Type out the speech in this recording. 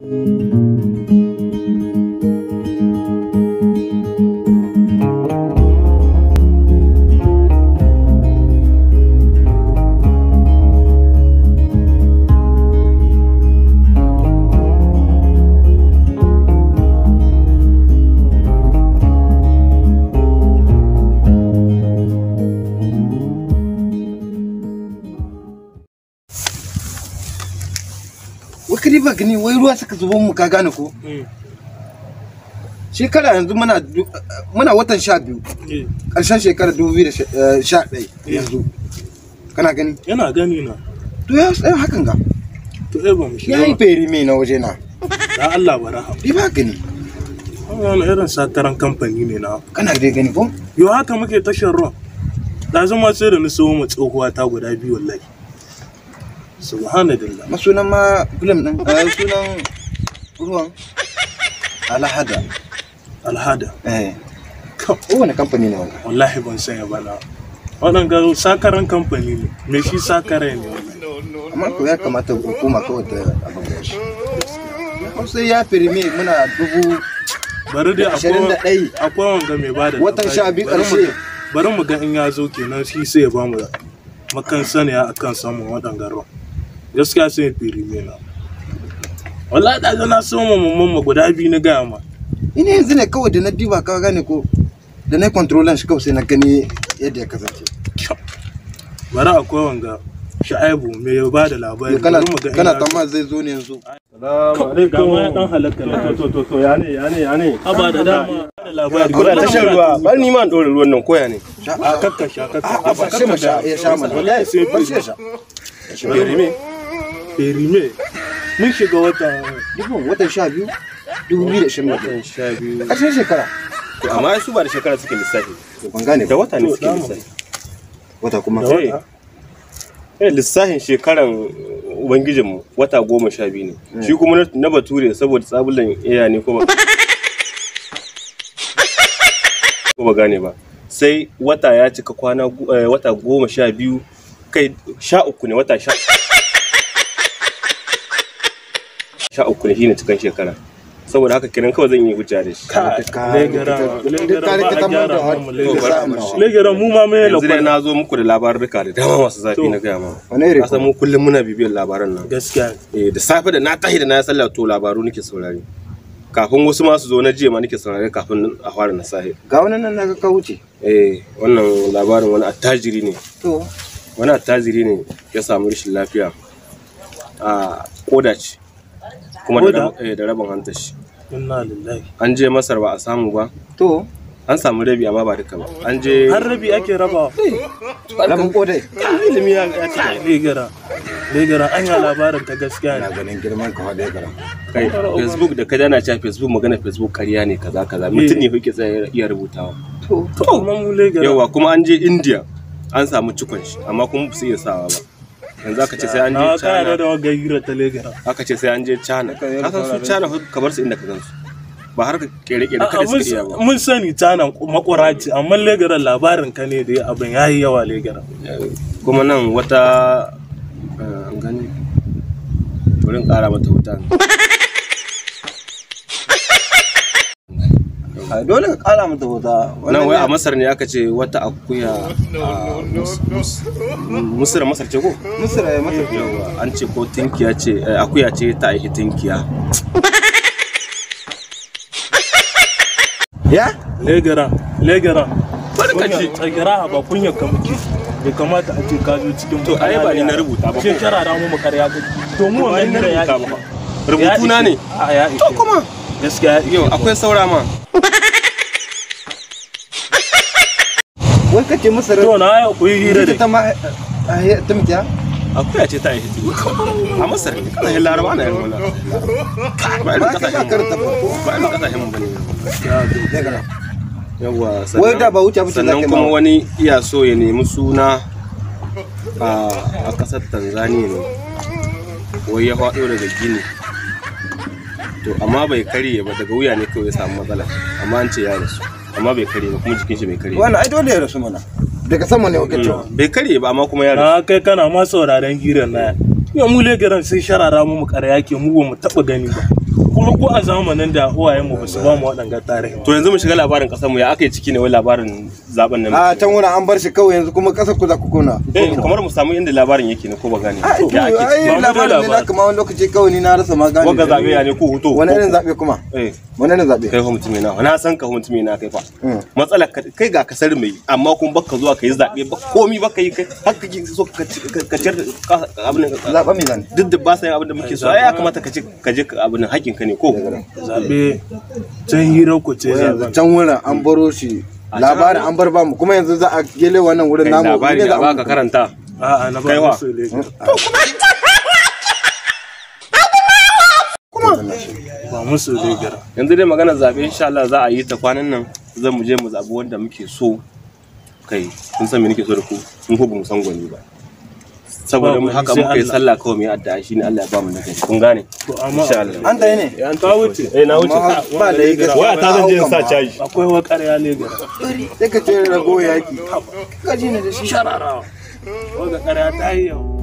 you. wai ba gani wai ruwa suka zubo mu ka gane ko eh. shekara yanzu muna muna watan sha biyu ƙarshen eh. shekara dubu biyu da eh, sha ɗaya yanzu kana gani yana gani na to ya tsaye hakan ga to ai ba mu shi ya yi feri mai na waje na da Allah bara ha ba gani wani irin sataran kamfani ne na kana dai gani ko yo haka muke tashin ruwa da zama sai da ni mu tsohuwa ta guda biyu wallahi subhanallah masunan ma film din eh, sunan ruwan alhada alhada eh kowane kamfani ne wannan wallahi ban sanya ba na wannan ga sakaran kamfani ne me shi sakare ne amma ko ya kamata hukuma kawai ta abin da shi sai ya firme muna dubu bari dai akwai akwai wanga mai bada watan sha biyu karshe bari mu ga in ya zo kenan shi sai ya bamu makan saniya akan samun waɗanda ruwan gaskiya sai ya fere mena wala da na so ma mamman ma guda biyu na gaya ma ina yanzu ne kawai da na diba ka gane ko da na controlan shi kawai sai na gani yadda ya kasance bari akwai wanga sha'aibu mai ba da labari kana tamma zai zo ne yanzu Salamu alaikum. Ga dan halakka ne. To to to ya ne ya ne ya ne. Aba da dama. Labari. Kuna ta shan ruwa. Bar ni ma dore ruwan nan koya ne. A kakka sha kakka. A ba shi mu sha ya sha mana. Wallahi sai ya sha. Ya sha. perime mun shiga wata dubin watan sha biyu dubu biyu da shirin watan sha biyu ƙarshen shekara amma su ba da shekara suke lissafi ban gane da wata ne suke lissafi wata kuma eh lissafin shekaran uh, ubangijinmu wata goma sha biyu ne eh. shi kuma na bature saboda tsabulan iya ne ko ba ko ba gane ba sai wata ya cika kwana eh, wata goma sha biyu kai sha uku ne wata sha ta uku ne shine cikin shekara saboda haka kiran kawai zan yi hujja da shi legera mu ma mai yanzu dai na zo muku da labarurka da dama masu zafi na gaya ma kasan mu kullum muna bibiyar labaran nan gaskiya eh, da safe da na tahi da na sallah to labaru nake saurari kafin wasu masu zo na jiya ma nake saurari kafin a fara na sahi ga wannan nan naga ka wuce eh wannan labarin wani attajiri ne to wani attajiri ne ya samu rashin lafiya a kodaci kuma da rabin eh, hantar shi inna lillahi an je masar ba a samu ba to an samu rabi amma ba duka ba an je har rabi ake raba rabin kodai ilimi ya ci ce legara legara an yi labarin ta gaskiya ne ganin girman ka wadai garan kai facebook da kada na cewa facebook magana facebook ƙarya ne kaza kaza eh. mutum ne kuke tsaye iya rubutawa to kuma mu legara yawa kuma an je india an samu cikon shi amma kuma ba su iya sawa ba yanzu aka ce sai an je China da wagga ta Lagos aka ce sai an je China ka san su China ka bar su inda ka gan su ba har kere-kere kada ah, ah, su kiriya ba mun sani China makwara ce amma Lagos labarin ka ne da abin yayi yawa Lagos kuma nan wata eh, an gani to rin kara mata wuta Ah, dole ka kara mata bauta nan wai a masar ne aka ce wata akuya ah, musira masar ce ko musira ya masar ce eh, an ce ko tinkiya ce eh, akuya ce ta aiki tinkiya ya legara legara barkaci a ba kunya ka muke bai kamata a ce kazo cikin to ai ba ni na rubuta ba ke kira da mu karya ka to mu wannan ne ya rubutu na ne a y'a to kuma gaskiya yau akwai saura ma wai ce masa to na ku yi hira da ita ma a yi tumkiya. mikiya akuya ce ta yi hira. a masar ne kana yin laraba na yin yarmula ba ka irin kasashen ba Ba irin kasashen mun bane yawa wai da ba wuce mutum sannan kuma wani iya so ya nemi suna a kasar tanzania ne wai ya faɗo daga gini to amma bai karye ba daga wuya ne kawai ya samu matsala amma an ce ya rasu amma bai kare ba kuma jikin shi bai kare wannan ai dole ya rasu mana daga sama ne wakil cewa mm, bai kare ba amma kuma ya rasu kai kana ma sauraron hirar na ya mu legaran sai sharara mu mu kare yake mu ba mu taba gani ba kuma ko a zamanin da uwaye mu basu ba mu waɗanga tarihi to yanzu mu shiga labarin kasar mu ya aka yi ciki ne wai labarin zaben nan a can wurin an bar shi kawai yanzu kuma kasar ku za ku kona eh, kamar mu samu inda labarin yake ne ko ba gane ya ake ciki labarin ne na kuma wani lokaci kawai ni na rasa ma gane wanda zabe ya ne ko hoto wani irin zabe kuma eh wani irin zabe kai ho mutum na na san ka mutum na kai fa hmm. matsalar kai ga kasar mai amma kun bakka zuwa kai zabe ba komi baka yi kai har ka so ka ka abin zabe mai zan duk da ba sai abin da muke so ai ya kamata ka je ka je abin haƙi aikin ka ne ko zabe can hira ko ce zabe can wurin an baro shi labarin an bar bamu kuma yanzu za a gele wannan wurin namu labari da baka karanta a'a na ba hmm? to kuma ba musu dai yanzu dai magana zabe insha Allah za a yi ta kwanan nan zan mu je mu zabi wanda muke so kai kun san me nake so da ku kun ko ba mu san gwani ba saboda mu haka muka yi sallah kawai mu yi addu'a shine Allah ya ba mu nagari kun gane to amma an dai ne eh, an ta wuce eh na wuce ba da yake waya ta zan je in sa caji akwai wa ƙarya ne ga sai ka ce rago yaki ka ji ne da shi shararawa wanda ƙarya ta yi yau